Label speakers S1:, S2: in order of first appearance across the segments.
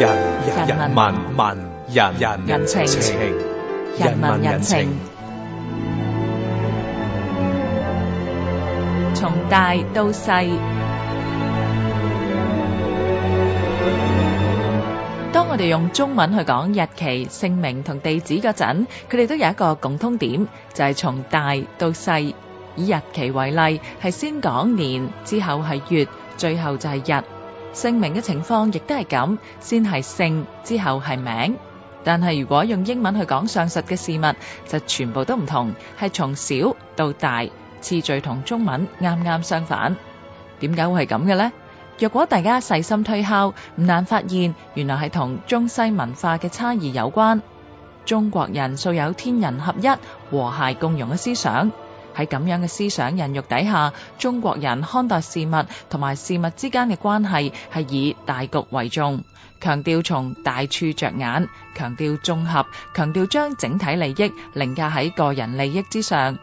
S1: 人人民民人人情情，人民人情，從大到細。當我哋用中文去講日期、姓名同地址嗰陣，佢哋都有一個共通點，就係從大到細。以日期為例，係先講年，之後係月，最後就係日。姓名嘅情況亦都係咁，先係姓，之後係名。但係如果用英文去講上述嘅事物，就全部都唔同，係從小到大，次序同中文啱啱相反。點解會係咁嘅呢？若果大家細心推敲，唔難發現，原來係同中西文化嘅差異有關。中國人素有天人合一、和諧共融嘅思想。喺咁樣嘅思想孕育底下，中國人看待事物同埋事物之間嘅關係係以大局為重，強調從大處着眼，強調綜合，強調將整體利益凌駕喺個人利益之上。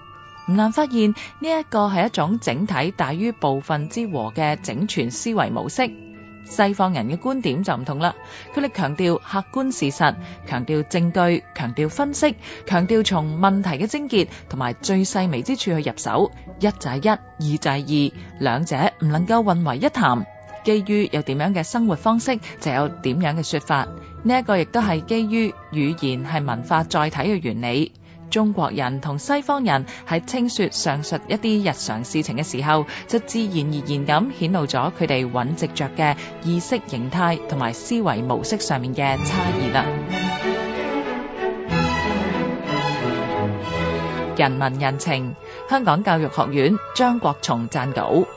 S1: 唔難發現呢一個係一種整體大於部分之和嘅整全思維模式。西方人嘅觀點就唔同啦，佢哋強調客觀事實，強調證據，強調分析，強調從問題嘅症結同埋最細微之處去入手。一就係一，二就係二，兩者唔能夠混為一談。基於有點樣嘅生活方式，就有點樣嘅說法。呢一個亦都係基於語言係文化載體嘅原理。中國人同西方人喺清説上述一啲日常事情嘅時候，就自然而然咁顯露咗佢哋穩直着嘅意識形態同埋思維模式上面嘅差異啦。 人民人情，香港教育學院張國松撰稿。